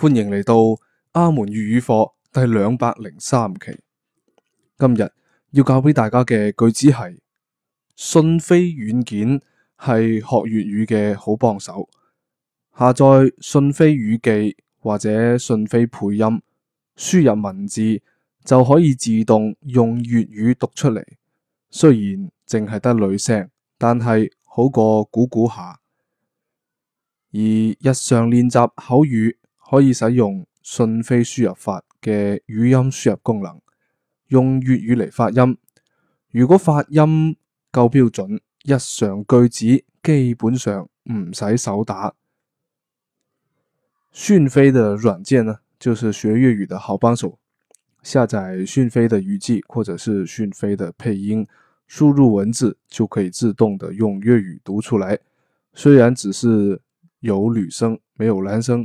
歡迎嚟到阿門粵語課第兩百零三期。今日要教俾大家嘅句子係：訊飛軟件係學粵語嘅好幫手。下載訊飛語記或者訊飛配音，輸入文字，就可以自動用粵語讀出嚟。雖然淨係得女聲，但係好過估估下。而日常練習口語，可以使用訊飛輸入法嘅語音輸入功能，用粵語嚟發音。如果發音夠標準，日常句子基本上唔使手打。訊飛嘅軟件呢，就是學粵語的好幫手。下載訊飛的語記，或者是訊飛的配音，輸入文字就可以自動的用粵語讀出來。雖然只是有女聲，沒有男聲。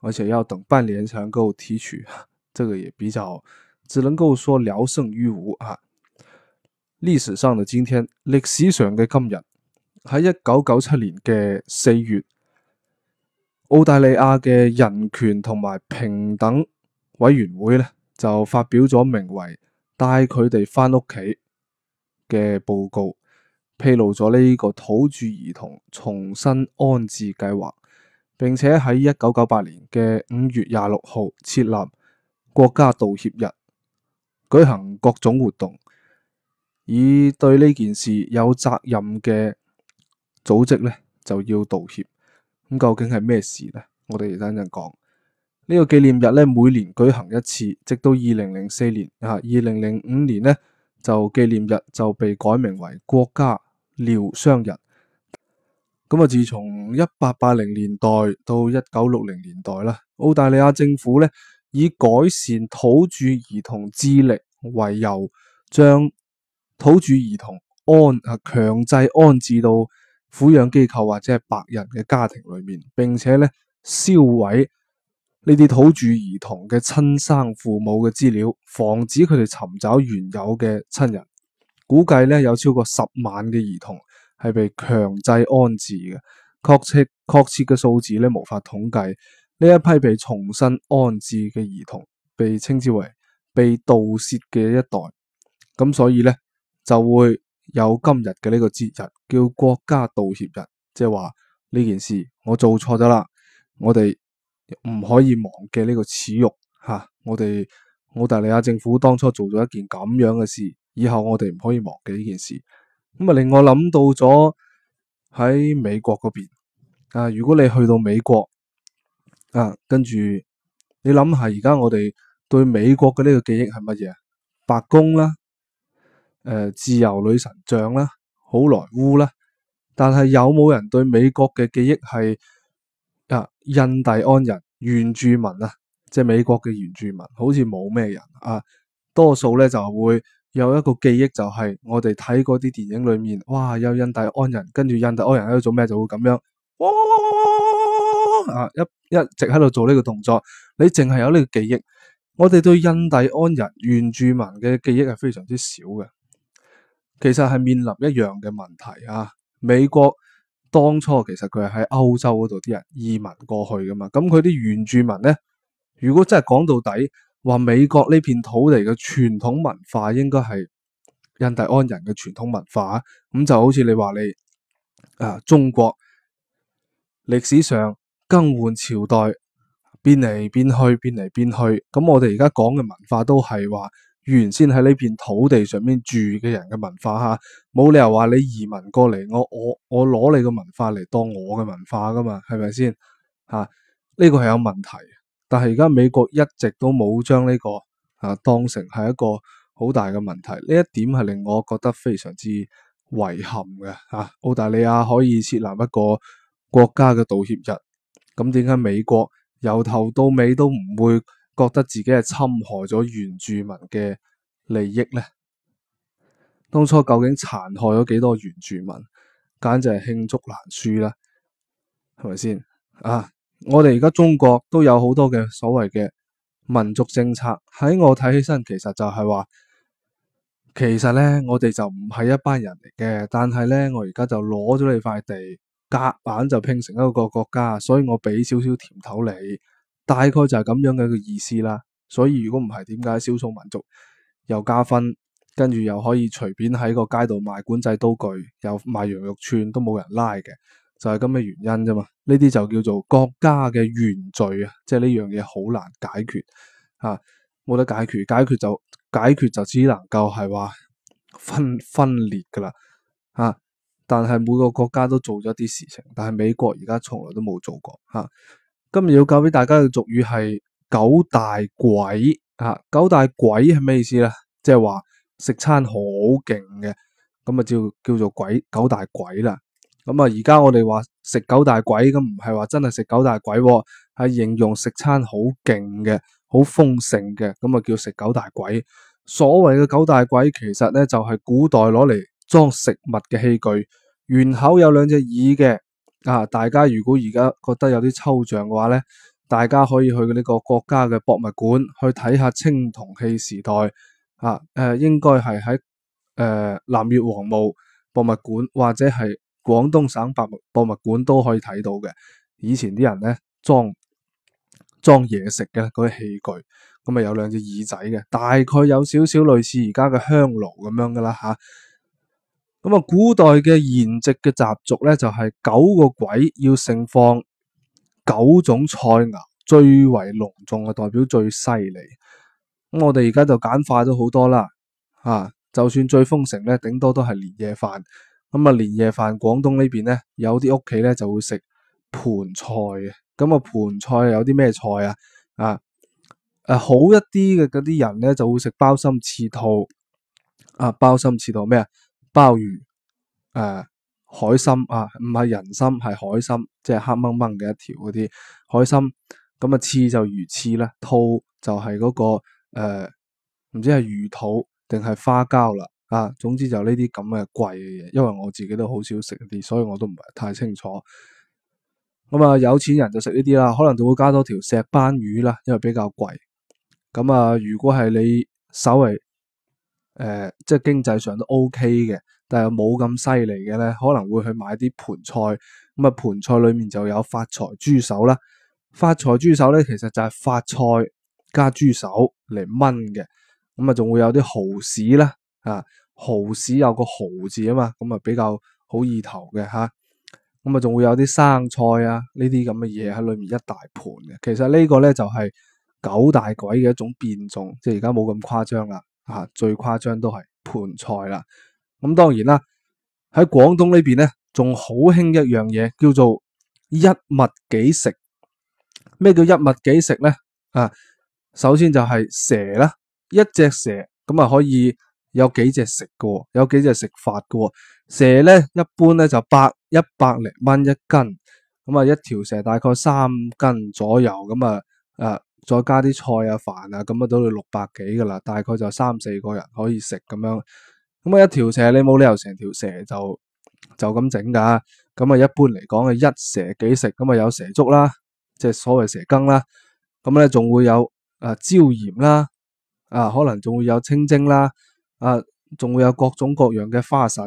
而且要等半年才能夠提取，這個也比較只能夠說聊勝於無啊！歷史上的今天，歷史上嘅今日，喺一九九七年嘅四月，澳大利亞嘅人權同埋平等委員會呢就發表咗名為《帶佢哋翻屋企》嘅報告，披露咗呢個土著兒童重新安置計劃。並且喺一九九八年嘅五月廿六號設立國家道歉日，舉行各種活動，以對呢件事有責任嘅組織咧就要道歉。咁究竟係咩事咧？我哋等陣講呢個紀念日咧，每年舉行一次，直到二零零四年啊，二零零五年咧就紀念日就被改名為國家療傷日。咁啊！自從一八八零年代到一九六零年代啦，澳大利亞政府咧以改善土著兒童智力為由，將土著兒童安啊強制安置到撫養機構或者係白人嘅家庭裏面。並且咧銷毀呢啲土著兒童嘅親生父母嘅資料，防止佢哋尋找原有嘅親人。估計咧有超過十萬嘅兒童。係被強制安置嘅，確切確切嘅數字咧無法統計。呢一批被重新安置嘅兒童，被稱之為被盜竊嘅一代。咁所以咧就會有今日嘅呢個節日，叫國家道歉日，即係話呢件事我做錯咗啦，我哋唔可以忘記呢個恥辱吓。我哋澳大利亞政府當初做咗一件咁樣嘅事，以後我哋唔可以忘記呢件事。咁啊，令我諗到咗喺美國嗰邊啊，如果你去到美國啊，跟住你諗下，而家我哋對美國嘅呢個記憶係乜嘢？白宮啦、啊，誒、呃，自由女神像啦、啊，好萊塢啦，但係有冇人對美國嘅記憶係啊印第安人、原住民啊？即係美國嘅原住民，好似冇咩人啊，多數咧就會。有一個記憶就係我哋睇嗰啲電影裏面，哇，有印第安人，跟住印第安人喺度做咩就會咁樣，啊，啊一一直喺度做呢個動作。你淨係有呢個記憶，我哋對印第安人原住民嘅記憶係非常之少嘅。其實係面臨一樣嘅問題啊。美國當初其實佢係喺歐洲嗰度啲人移民過去噶嘛，咁佢啲原住民咧，如果真係講到底。話美國呢片土地嘅傳統文化應該係印第安人嘅傳統文化，咁就好似你話你誒、啊、中國歷史上更換朝代，變嚟變去，變嚟變去，咁我哋而家講嘅文化都係話原先喺呢片土地上面住嘅人嘅文化吓，冇、啊、理由話你移民過嚟，我我我攞你個文化嚟當我嘅文化㗎嘛，係咪先吓？呢、啊，這個係有問題。但係而家美國一直都冇將呢個啊當成係一個好大嘅問題，呢一點係令我覺得非常之遺憾嘅。啊，澳大利亞可以設立一個國家嘅道歉日，咁點解美國由頭到尾都唔會覺得自己係侵害咗原住民嘅利益呢？當初究竟殘害咗幾多原住民，簡直係罄竹難書啦，係咪先啊？我哋而家中國都有好多嘅所謂嘅民族政策，喺我睇起身，其實就係話，其實咧我哋就唔係一班人嚟嘅，但係咧我而家就攞咗你塊地夾板就拼成一個國家，所以我俾少少甜頭你，大概就係咁樣嘅一個意思啦。所以如果唔係，點解少數民族又加分，跟住，又可以隨便喺個街度賣管制刀具，又賣羊肉串都冇人拉嘅？就係咁嘅原因啫嘛，呢啲就叫做國家嘅原罪啊，即係呢樣嘢好難解決啊，冇得解決，解決就解決就只能夠係話分分裂噶啦啊！但係每個國家都做咗啲事情，但係美國而家從來都冇做過吓，啊。今日要教俾大家嘅俗語係九大鬼啊，九大鬼係咩意思咧？即係話食餐好勁嘅，咁啊叫叫做鬼九大鬼啦。咁啊，而家我哋話食九大簋，咁、啊，唔係話真係食九大簋，係形容食餐好勁嘅，好豐盛嘅，咁啊叫食九大簋。所謂嘅九大簋，其實咧就係古代攞嚟裝食物嘅器具，圓口有兩隻耳嘅。啊，大家如果而家覺得有啲抽象嘅話咧，大家可以去呢個國家嘅博物館去睇下青銅器時代。啊，誒、呃，應該係喺誒南越王墓博物館或者係。廣東省博物博物館都可以睇到嘅，以前啲人咧裝裝嘢食嘅嗰啲器具，咁啊有兩隻耳仔嘅，大概有少少類似而家嘅香爐咁樣噶啦吓。咁啊，古代嘅筵席嘅習俗咧，就係、是、九個鬼要盛放九種菜肴，最為隆重嘅，代表最犀利。咁我哋而家就簡化咗好多啦，吓、啊，就算最豐盛咧，頂多都係年夜飯。咁啊，年夜飯廣東呢邊咧，有啲屋企咧就會食盤菜嘅。咁啊，盤菜有啲咩菜啊？啊，誒、啊，好一啲嘅嗰啲人咧，就會食鮑參翅肚。啊，鮑參翅肚咩啊？鮑魚，誒、啊就是，海參啊，唔係人參，係海參，即係黑掹掹嘅一條嗰啲海參。咁啊，翅就魚翅啦，肚就係嗰、嗰個誒，唔、呃、知係魚肚定係花膠啦。啊，總之就呢啲咁嘅貴嘅嘢，因為我自己都好少食啲，所以我都唔係太清楚。咁啊，有錢人就食呢啲啦，可能就會加多條石斑魚啦，因為比較貴。咁啊，如果係你稍微誒、呃，即係經濟上都 OK 嘅，但係冇咁犀利嘅咧，可能會去買啲盤菜。咁啊，盤菜裏面就有發財豬手啦。發財豬手咧，其實就係發菜加豬手嚟炆嘅。咁啊，仲會有啲蠔豉啦，啊。蠔豉有個蠔字啊嘛，咁啊，比較好意頭嘅吓，咁啊仲會有啲生菜啊呢啲咁嘅嘢喺裏面一大盤嘅。其實個呢個咧就係、是、九大簋嘅一種變種，即係而家冇咁誇張啦，吓、啊、最誇張都係盤菜啦。咁當然啦，喺廣東呢邊咧仲好興一樣嘢，叫做一物幾食。咩叫一物幾食咧？啊，首先就係蛇啦，一隻蛇咁啊可以。有幾隻食噶，有幾隻食法噶、哦。蛇咧一般咧就百一百零蚊一斤，咁啊一條蛇大概三斤左右，咁啊誒再加啲菜啊飯啊，咁啊都六百幾噶啦，大概就三四個人可以食咁樣。咁啊一條蛇你冇理由成條蛇就就咁整噶，咁啊一般嚟講啊一蛇幾食，咁啊有蛇粥啦，即係所謂蛇羹啦，咁咧仲會有誒椒鹽啦，啊可能仲會有清蒸啦。啊，仲會有各種各樣嘅花神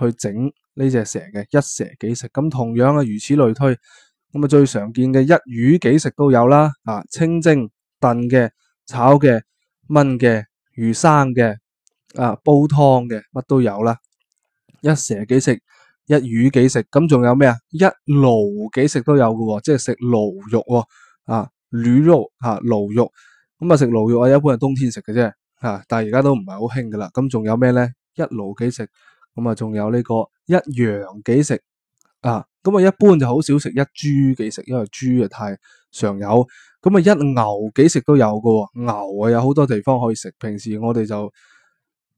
去整呢隻蛇嘅一蛇幾食，咁同樣啊，如此類推。咁啊，最常見嘅一魚幾食都有啦。啊，清蒸、燉嘅、炒嘅、燜嘅、魚生嘅、啊，煲湯嘅乜都有啦。一蛇幾食，一魚幾食，咁仲有咩啊？一驢幾食都有噶喎、哦，即係食驢肉喎、哦。啊，驢肉吓，驢肉咁啊，食驢肉，肉啊，一般係冬天食嘅啫。啊！但係而家都唔係好興噶啦，咁仲有咩咧？一勞幾食，咁啊、這個，仲有呢個一羊幾食啊？咁啊，一般就好少食一豬幾食，因為豬啊太常有，咁啊一牛幾食都有噶、哦，牛啊有好多地方可以食。平時我哋就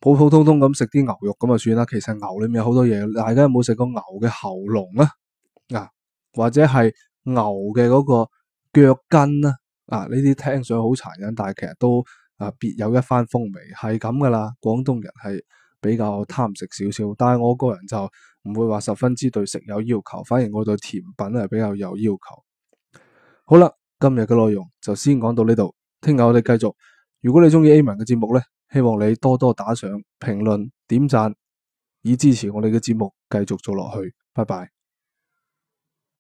普普通通咁食啲牛肉咁啊算啦。其實牛裏面有好多嘢，大家有冇食過牛嘅喉嚨啊？啊，或者係牛嘅嗰個腳筋啊？啊，呢啲聽上去好殘忍，但係其實都。啊，別有一番風味，係咁噶啦。廣東人係比較貪食少少，但係我個人就唔會話十分之對食有要求，反而我對甜品係比較有要求。好啦，今日嘅內容就先講到呢度，聽日我哋繼續。如果你中意阿門嘅節目呢，希望你多多打賞、評論、點讚，以支持我哋嘅節目繼續做落去。拜拜。